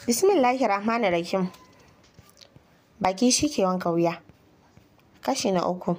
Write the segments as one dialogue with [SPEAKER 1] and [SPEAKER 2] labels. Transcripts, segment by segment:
[SPEAKER 1] Bismillahi rahmani Rahim. Baki shi ke wanka wuya. Kashi na uku.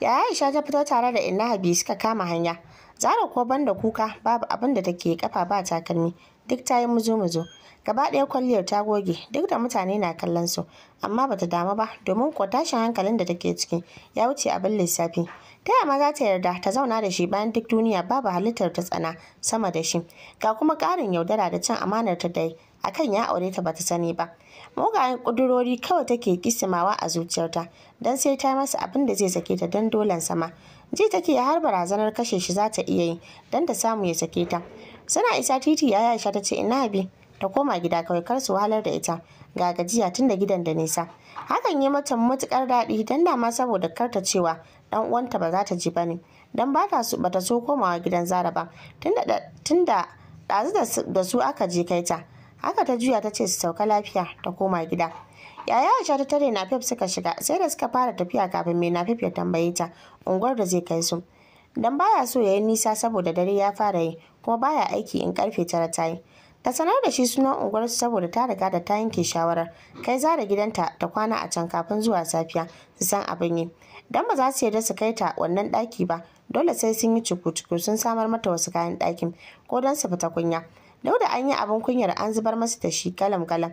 [SPEAKER 1] Ya Aisha ta fito tare da Inna Habi suka kama hanya. Zara ko banda kuka babu abin da take kafa ba takalmi duk ta yi muzu-muzu gaba ɗaya kwalliyar ta goge duk da mutane na kallon su amma bata damu ba domin kuwa tashin hankalin da take ciki ya wuce abin lissafi ta yama za ta yarda ta zauna da shi bayan duk duniya babu halittar ta tsana sama da shi ga kuma ƙarin yaudara da cin amanar ta dai akan ya aure ta bata sani ba mugayen ƙudurori kawai take kisimawa a zuciyarta don sai ta yi masa abin da zai sake ta don dolan sama ji take har barazanar kashe shi za ta iya yi don ta samu ya sake ta sana isa titi ya aisha ta ce ina bi ta koma gida kawai kar su wahalar da ita ga gajiya tun da gidan da nisa hakan yi mata matukar daɗi don dama saboda karta cewa dan uwanta ba za ta ji bane dan ba ta so bata so komawa gidan zara ba da ɗazu da su aka je kai ta haka ta juya ta ce su sauka lafiya ta koma gida yaya aisha ta tare nafif suka shiga sai da suka fara tafiya kafin mai nafif ya tambaye ta unguwar da zai kai su dan baya so ya yi nisa saboda dare ya fara yi kuma baya aiki in karfe tara ta yi ta sanar da shi suna unguwar unguwarsu saboda ta riga da ta yanke shawarar kai zara gidanta ta kwana a can kafin zuwa safiya su san abin yi dan ba za su yarda su kai ta wannan daki ba dole sai sun yi cuku-cuku sun samar mata wasu kayan dakin. ko don su fita kunya Dau da an yi abin kunyar an zubar masa da shi galam-galam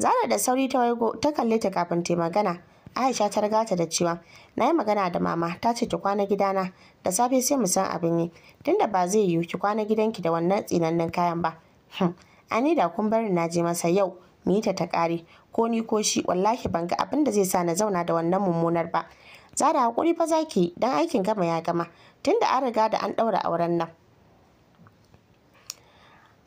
[SPEAKER 1] zara da sauri ta waigo ta kalle ta kafin ta magana Aisha ta riga ta da cewa na yi magana da mama ta ce ki kwana gidana da safe sai mu san abin yi tunda ba zai yiwu ki kwana gidanki da wannan tsinannen kayan ba. Hmm, Ani da kun bari na je masa yau mu yi ta ta ƙare ko ni ko shi wallahi ban ga abin da zai sa na zauna da wannan mummunar ba. Zara hakuri fa zaki dan aikin gama ya gama tunda an riga da an ɗaura auren nan.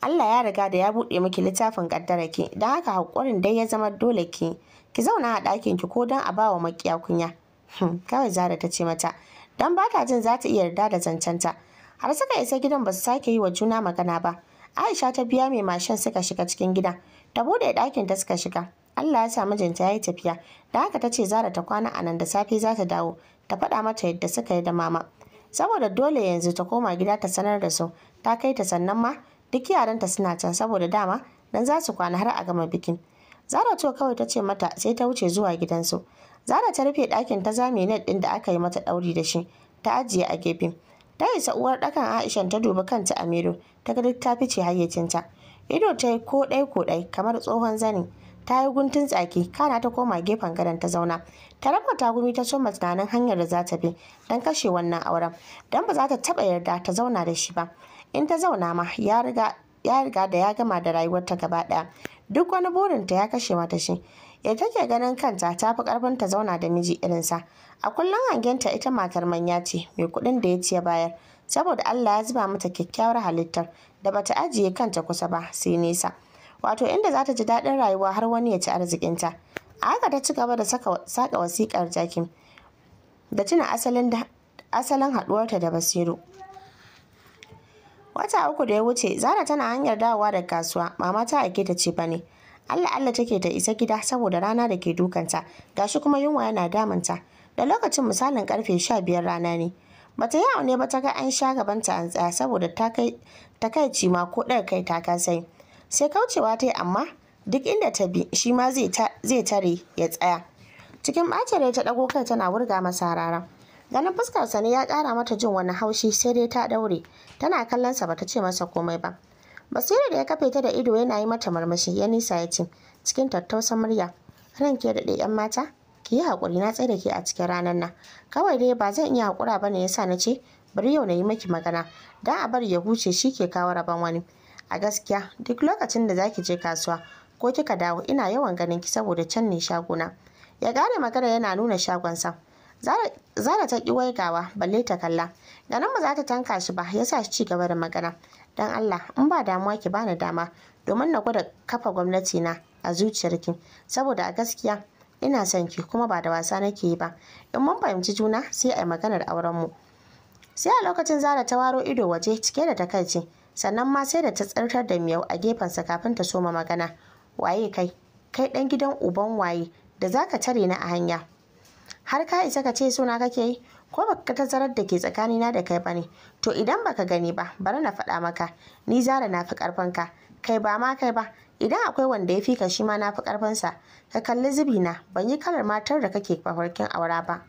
[SPEAKER 1] Allah ya riga da ya buɗe miki littafin ki don haka haƙurin dai ya zama dole ki ki zauna a ɗakin ki ko don a ba wa makiya kunya hmm, kawai zara ta ce mata don ba ta jin za ta iya yarda da zancenta har suka isa gidan ba su sake yi wa juna magana ba aisha ta biya mai mashin suka shiga cikin gida. ta buɗe ɗakin ta suka shiga allah ya sa mijinta ya yi tafiya da haka ta ce zara ta kwana a nan da safe za ta dawo ta faɗa mata yadda suka yi da mama saboda dole yanzu ta koma gida ta sanar da su ta kai ta sannan ma duk yaranta suna can saboda dama dan za su kwana har a gama bikin zara to kawai ta ce mata sai ta wuce zuwa gidansu zara ta rufe ɗakin ta zame net ɗin da aka yi mata ɗauri da shi ta ajiye a gefe ta isa uwar ɗakan aisha ta dubi kanta a miro ta ga ta fice hayyacinta ido ta yi ko ɗai ko ɗai kamar tsohon zani ta yi guntun tsaki kana ta koma gefen gadon ta zauna ta raba tagumi ta soma tunanin hanyar da za ta bi don kashe wannan auren don ba za ta taɓa yarda ta zauna da shi ba in ta zauna ma ya riga da ya gama da rayuwarta gaba ɗaya duk wani burinta ya kashe mata shi ya take ganin kanta ta fi karfin ta zauna da miji irin sa. a kullum hangenta ita matar manya ce mai kuɗin da ya ci ya bayar saboda Allah ya zuba mata kyakkyawar halittar da bata ajiye kanta kusa ba sai nesa wato inda za ta ji daɗin rayuwa har wani ya ci arzikin ta, a haka ta ci gaba da saka wasiƙar jakin da tuna asalin haɗuwarta da basiru wata uku da ya wuce zara tana hanyar dawowa da kasuwa mama ta aike ta ce bane allah allah take ta isa gida saboda rana da ke dukanta gashi kuma yunwa yana damunta da lokacin misalin karfe sha biyar rana ne bata yi aune ba ta ga an sha gabanta an tsaya saboda ta kai ci ma ko ɗaya kai ta kasai sai kaucewa ta yi amma duk inda ta bi shi ma zai tare ya tsaya cikin ɓacin rai ta ɗago kai tana wurga masa rara ganin fuskar sa ne ya kara mata jin wani haushi sai dai ta daure tana kallonsa sa bata ce masa komai ba basira da ya kafe ta da ido yana yi mata marmashi ya nisa ya ce cikin tattausan murya ranke da ɗayan mata ki yi hakuri na tsaye da ke a cikin ranar nan kawai dai ba zan iya hakura ba ne yasa na ce bari yau na yi maki magana dan a bari ya huce shi ke kawo rabon wani a gaskiya duk lokacin da zaki je kasuwa ko kika dawo ina yawan ganin ki saboda can ne shagona ya gane magana yana nuna shagonsa zara ta ƙi waigawa balle ta kalla ganin ba za ta tanka shi ba ya sa shi ci gaba da magana don allah in ba damuwa ki bani dama domin na gwada kafa gwamnati na a zuciyarki saboda a gaskiya ina son ki kuma ba da wasa nake yi ba in mun fahimci juna sai a yi maganar mu. sai a lokacin zara ta waro ido waje cike da takaici sannan ma sai da ta tsartar da miyau a gefensa kafin ta soma magana waye kai kai dan gidan uban waye da zaka tare ni a hanya har ka isa ka ce suna kake yi ko baka tazarar da ke tsakanina da kai bane to idan baka gani ba bari na faɗa maka ni zara na fi ƙarfin ka kai ba ma kai ba idan akwai wanda ya fi ka shi ma na fi ƙarfinsa ka kalli zubina ban yi kalar matar da kake farkin aura ba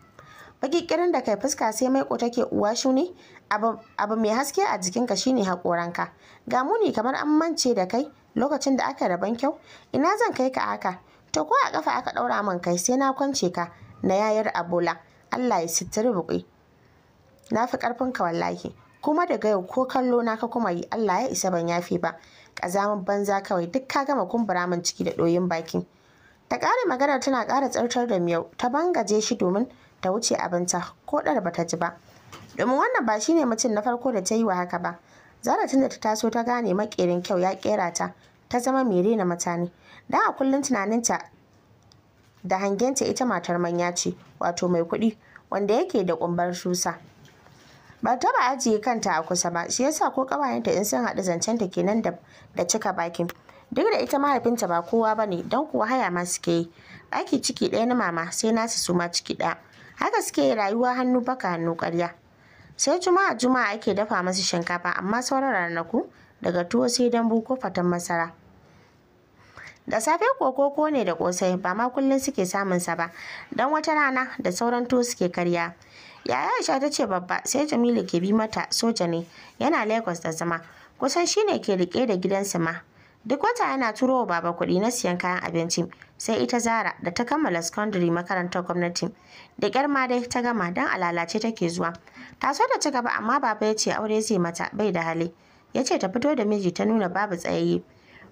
[SPEAKER 1] bakikirin da kai fuska sai mai ko take uwa shuni abu mai haske a jikin jikinka shine haƙoranka ga muni kamar an mance da kai lokacin da aka raban kyau ina zan kai ka haka to ko a kafa aka ɗaura man kai sai na kwance ka na yayar abola allah ya sittiri buƙi na fi ƙarfinka wallahi kuma daga yau ko kallo na ka kuma yi allah ya isa ban yafe ba ƙazamin banza kawai duk ka gama kumbura min ciki da ɗoyin baki ta ƙara magana tana ƙara tsartar da miyau ta bangaje shi domin ta wuce abinta ko ɗar bata ji ba domin wannan ba shine mutum na farko da ta yi wa haka ba zara tun da ta taso ta gane maƙerin kyau ya ƙera ta ta zama mai na mutane da a kullum tunaninta da hangenta ita matar manya ce wato mai kuɗi wanda yake da ƙumbar susa ba taba ajiye kanta a kusa ba shi yasa ko ƙawayenta in sun haɗu zancen ta kenan da cika bakin duk da ita mahaifinta ba kowa ba ne, don kuwa haya ma suke yi ɗaki ciki ɗaya na mama sai nasu su ma ciki ɗaya haka suke yi rayuwa hannu baka hannu ƙarya sai juma'a juma'a ake dafa masu shinkafa amma sauran ranaku daga tuwo sai dambu ko fatan masara da safe ko ne da kosai ba ma kullum suke samun sa ba dan wata rana da sauran tuwo suke karya yaya aisha ta ce babba sai jamilu ke bi mata soja ne yana lagos da zama kusan shine ke rike da gidansa ma duk wata yana turo wa baba kuɗi na siyan kayan abinci sai ita zara da ta kammala secondary makarantar gwamnati da kyar ma dai ta gama don alalace take zuwa ta so da ci gaba amma baba ya ce aure zai mata bai da hali ya ce ta fito da miji ta nuna babu tsayayye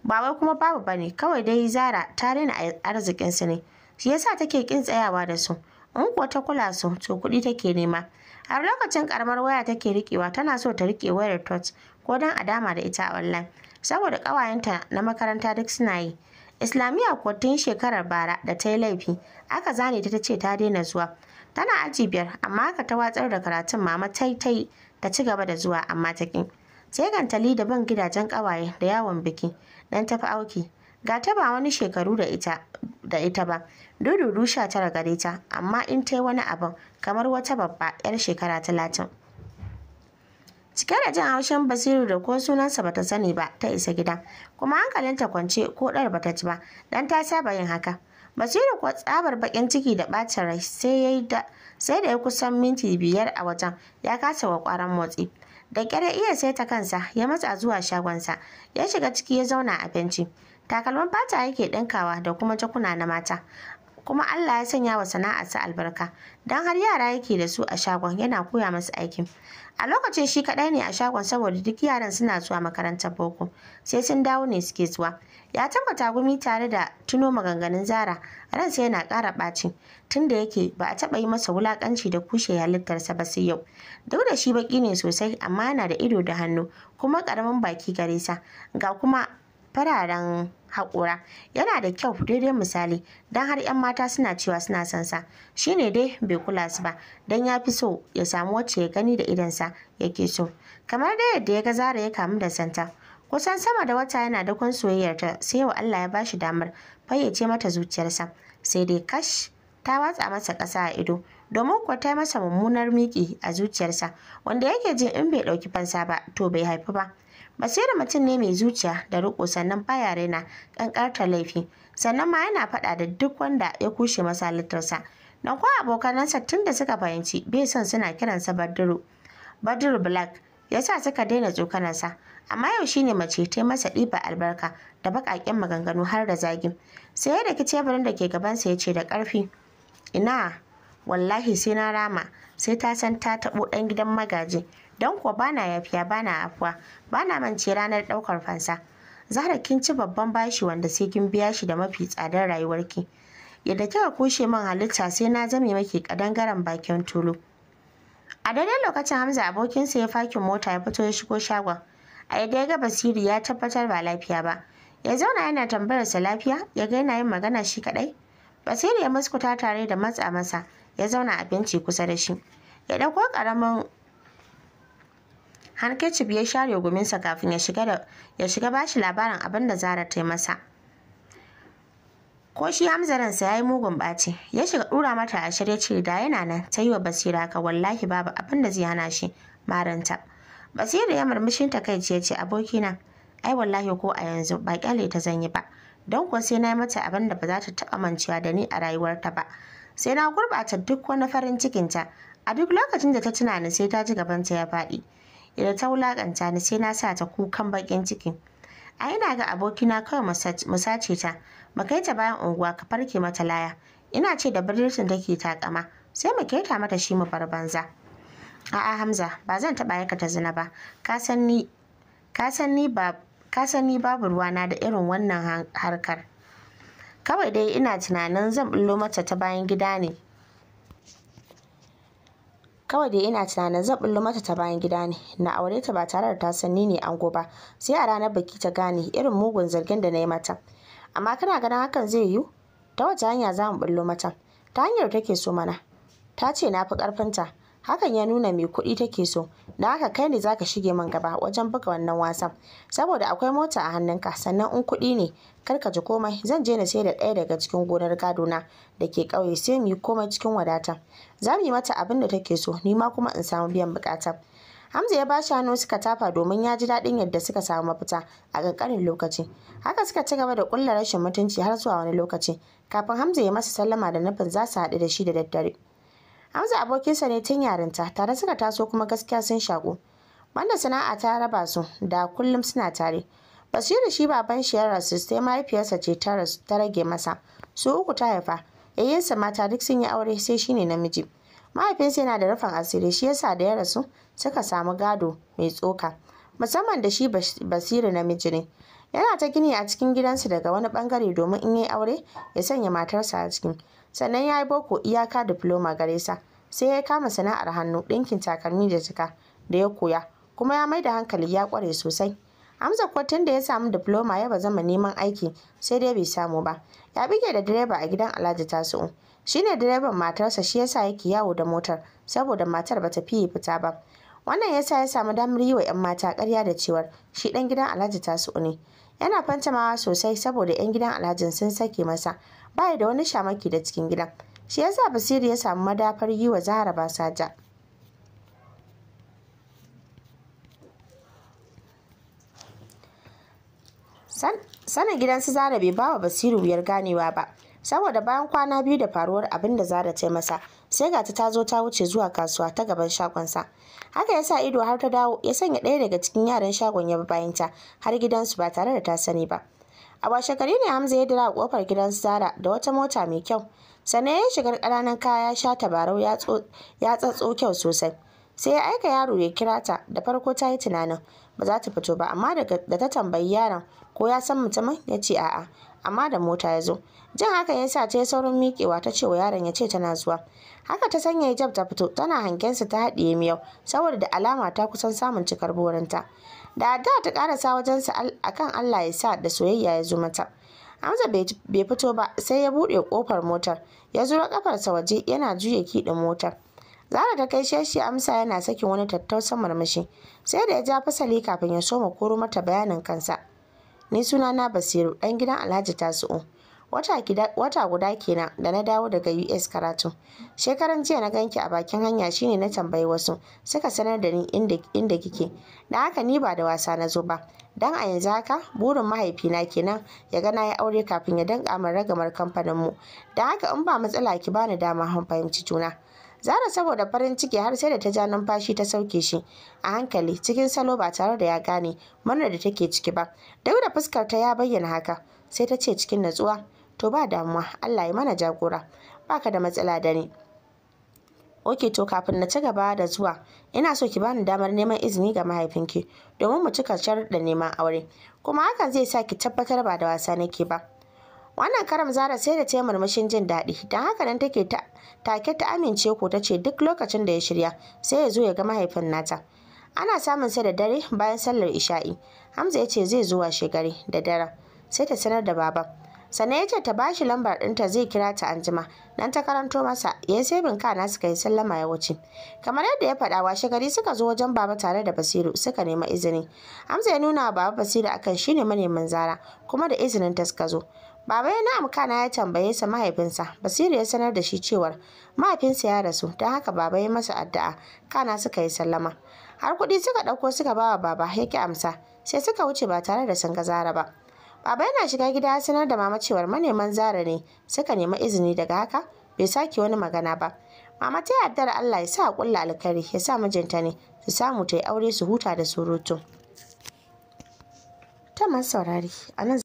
[SPEAKER 1] ba wai kuma babu ba ne kawai dai zara ta rena arzikinsu ne shi yasa take kin tsayawa da su in kuwa ta kula su to kuɗi take nema A lokacin karamar waya take rikewa tana so ta rike wayar touch ko don a dama da ita a online saboda ƙawayenta na makaranta duk suna yi islamiyya kuwa tun shekarar bara da ta yi laifi aka zane ta ce ta daina zuwa tana aji biyar amma aka ta watsar da karatun mama tai tai ta ci gaba da zuwa amma ta ƙin Jegan tali da ban gidajen ƙawaye da yawon biki dan tafi auki ga ta ba wani shekaru da ita da ita ba dudu sha tara gare ta amma in ta yi wani abin kamar wata babba yar shekara talatin cike da jin haushin basiru da ko sunansa bata sani ba ta isa gida kuma hankalinta kwance ko ɗar bata ci ba dan ta saba yin haka basiru kuwa tsabar bakin ciki da ɓacin rai sai da ya kusan minti biyar a wajen ya kasa wa kwaran motsi da kyare iya saita kansa ya matsa zuwa shagonsa ya shiga ciki ya zauna a benci takalman fata yake ɗinkawa da kuma jakuna na mata kuma Allah ya sanya wa sana'arsa albarka don har yara yake da su a shagon yana koya masu aikin a lokacin shi kaɗai ne a shagon saboda duk yaran suna zuwa makarantar boko sai sun dawo ne suke zuwa ya tabbata gumi tare da tuno maganganun zara ransa yana ƙara ɓaci tunda yake ba a taɓa yi masa wulaƙanci da kushe halittarsa ba sai yau duk da shi baƙi ne sosai amma yana da ido da hannu kuma ƙaramin baki gare sa ga kuma fararen haƙura yana da kyau daidai misali don har 'yan mata suna cewa suna son sa ne dai bai kula su ba don ya fi so ya samu wacce ya gani da idansa ke so kamar dai yadda ya ga zara ya kamu da santa kusan sama da wata yana da kun soyayyarta sai wa Allah ya bashi damar fayyace mata zuciyarsa sai dai kash ta watsa masa ƙasa a ido domin kuwa ta yi masa mummunar miƙi a zuciyarsa wanda yake jin in bai ɗauki fansa ba to bai haifi ba basira mutum ne mai zuciya da riƙo sannan baya raina ƙanƙartar laifi sannan ma yana faɗa da duk wanda ya kushe masalitarsa. Don kuwa abokanansa tun da suka fahimci bai son suna kiransa Badiru. Badiru Black ya sa suka daina tsokanarsa amma yau shine mace ta masa ɗiba albarka da baƙaƙen maganganu har da zagi. sai ya daki teburin da ke gabansa ya ce da ƙarfi ina wallahi sai na rama sai ta san ta taɓo ɗan gidan magaji don kuwa bana yafiya bana afuwa bana mance ranar ɗaukar fansa zara kin ci babban bashi wanda sai kin biya shi da mafi tsadar rayuwarki yadda kika kushe min halitta sai na zame maki kadangaren bakin tulu a daidai lokacin hamza abokinsa ya fakin mota ya fito ya shigo shagon a yadda ya ga basiri ya tabbatar ba lafiya ba ya zauna yana tambayar sa lafiya ya ga yana yin magana shi kadai basiri ya muskuta tare da matsa masa ya zauna a benci kusa da shi ya dauko ƙaramin hankicif ya share guminsa kafin ya shiga ya shiga bashi labarin abin da zara ta yi masa ko shi Hamzaran ya yi mugun bace ya shiga ɗura mata a shirya ce da yana nan ta yi wa basira ka wallahi babu abin da zai hana shi maranta basira ya murmushin ta kai ce abokina ai wallahi ko a yanzu ba kyale ta zanyi ba don kuwa sai na yi mata abin da ba za ta taɓa mancewa da ni a rayuwarta ba sai na gurɓata duk wani farin cikinta a duk lokacin da ta tunani sai ta ji gabanta ya faɗi idan ta wulakanta ni sai na sa ta kukan bakin ciki a ina ga abokina kawai mu sace ta mu kai ta bayan unguwa ka farke mata laya ina ce da birnin take takama sai mu keta mata shi mu bar banza a'a hamza ba zan taɓa ta zina ba ka san ni ka san ni ba ka san ni babu ruwana da irin wannan harkar kawai dai ina tunanin zan bullo mata ta bayan gida ne kawai dai ina tunanin zan bullo mata ta bayan gida ne na aure ta ba tare da ta san ni ne ango ba sai a ranar baki ta gane irin mugun zargin da na yi mata amma kana ganin hakan zai yiwu ta wace hanya za mu bullo mata ta hanyar take so mana ta ce na fi ƙarfinta hakan ya nuna mai kuɗi take so da haka kai ne zaka shige man gaba wajen buga wannan wasan saboda akwai mota a hannunka sannan in kuɗi ne kar ka ji komai zan je na sai da ɗaya daga cikin gonar gadona da ke ƙauye sai mu yi komai cikin wadata za mu yi mata abin da take so ni ma kuma in samu biyan buƙata Hamza ya bashi hannu suka tafa domin ya ji daɗin yadda suka samu mafita a ƙanƙanin lokaci. Haka suka ci gaba da ƙulla rashin mutunci har zuwa wani lokaci kafin Hamza ya masa sallama da nufin za su haɗu da shi da daddare. Hamza abokinsa ne tun yarinta tare suka taso kuma gaskiya sun shaƙo. Wanda sana'a ta raba su da kullum suna tare. Basiru shi baban shi ya rasu sai mahaifiyarsa ce ta rage masa. Su uku ta haifa. Yayinsa mata duk sun yi aure sai shine namiji. Mahaifinsa yana da rufin asiri shi yasa da ya rasu suka samu gado mai tsoka. Musamman da shi Basiru namiji ne. Yana ta gini a cikin gidansu daga wani bangare domin in yi aure ya sanya matarsa a cikin. sannan ya yi boko iyaka diploma gare sa sai ya kama sana'ar hannu ɗinkin takalmi da jika da ya koya kuma ya mai da hankali ya kware sosai Amsa kuwa tun da ya samu diploma ya ba zama neman aiki sai dai bai samu ba ya bige da direba a gidan Alhaji Tasu'u shine direban matarsa shi yasa yake yawo da motar saboda matar bata fiye fita ba wannan yasa ya samu damar yi wa 'yan mata karya da cewar shi ɗan gidan Alhaji Tasu'u ne yana fantamawa sosai saboda 'yan gidan Alhajin sun sake masa baya da wani shamaki da cikin gidan shi yasa basiru ya samu madafar yi wa zahara basaja sanin su zara bai bawa basiru wuyar ganewa ba saboda bayan kwana biyu da faruwar abin da zara ce masa sai gata ta zo ta wuce zuwa kasuwa ta gaban shagonsa haka ya sa ido har ta dawo ya sanya ɗaya daga cikin yaran shagon ya bayanta har gidansu ba tare da ta sani ba a washe gari ne hamza ya dira a kofar gidan zara da wata mota mai kyau sannan ya shigar ƙananan kaya ya sha tabarau ya tsatso kyau sosai sai ya aika yaro ya kira ta da farko ta yi tunanin ba za ta fito ba amma da ta tambayi yaron ko ya san mutumin ya ce a'a amma da mota ya zo jin haka ya sa ta yi saurin miƙewa ta ce wa yaron ya ce tana zuwa haka ta sanya jab ta fito tana hangensa ta haɗiye miyau saboda da alama ta kusan samun cikar burinta da da ta karasa wajensa akan Allah ya sa da soyayya ya zo mata Hamza bai fito ba sai ya buɗe kofar motar ya zura kafarsa waje yana juya kiɗin motar Zara ta kai sheshi amsa yana sakin wani tattausan marmashi sai da ya ja fasali kafin ya soma koro mata bayanin kansa ni sunana Basiru dan gidan Alhaji Tasu'u wata guda kenan da na dawo daga us karatu shekaran jiya na ganki a bakin hanya shine na tambayi wasu suka sanar da ni inda kike da haka ni ba da wasa na zo ba dan a yanzu haka burin mahaifina kenan ya ga na yi aure kafin ya danka min ragamar kamfanin mu da haka in ba matsala ki bani dama han fahimci juna Zara saboda farin ciki har sai da ta ja numfashi ta sauke shi a hankali cikin salo ba tare da ya gane murnar da take ciki ba. Duk da fuskar ta ya bayyana haka sai ta ce cikin natsuwa to ba damuwa Allah ya mana jagora baka da matsala da ni ok to kafin na ci gaba da zuwa ina so ki bani damar neman izini ga mahaifinki domin mu cika da neman aure kuma hakan zai sa ki tabbatar ba da wasa nake ba wannan karam zara sai da ta murmushin jin daɗi don haka nan take ta take ta amince ko ta ce duk lokacin da ya shirya sai ya zo ya ga mahaifin nata ana samun sai da dare bayan sallar isha'i hamza ya ce zai zuwa gari da dare, sai ta sanar da baba sannan ya ce ta bashi lambar ɗinta zai kira ta anjima nan ta karanto masa ya sai bin kana suka yi sallama ya wuce kamar yadda ya faɗa washe gari suka zo wajen baba tare da basiru suka nema izini Amsa ya nuna wa baba basiru akan shi ne manemin zara kuma da izinin ta suka zo Baba ya na'am kana ya tambaye sa mahaifinsa. Basiru ya sanar da shi cewar mahaifinsa ya rasu, don haka baba ya masa addu'a. Kana suka yi sallama. Har kuɗi suka ɗauko suka ba wa baba ya ki amsa, sai suka wuce ba tare da sun ga zara ba. Baba yana shiga gida ya sanar da mama cewar maneman Zara ne suka nemi izini daga haka bai sake wani magana ba. Mama ta yaddar Allah ya sa kulla alkhairi ya sa mijinta ne su samu ta yi aure su huta da surutu. Ta a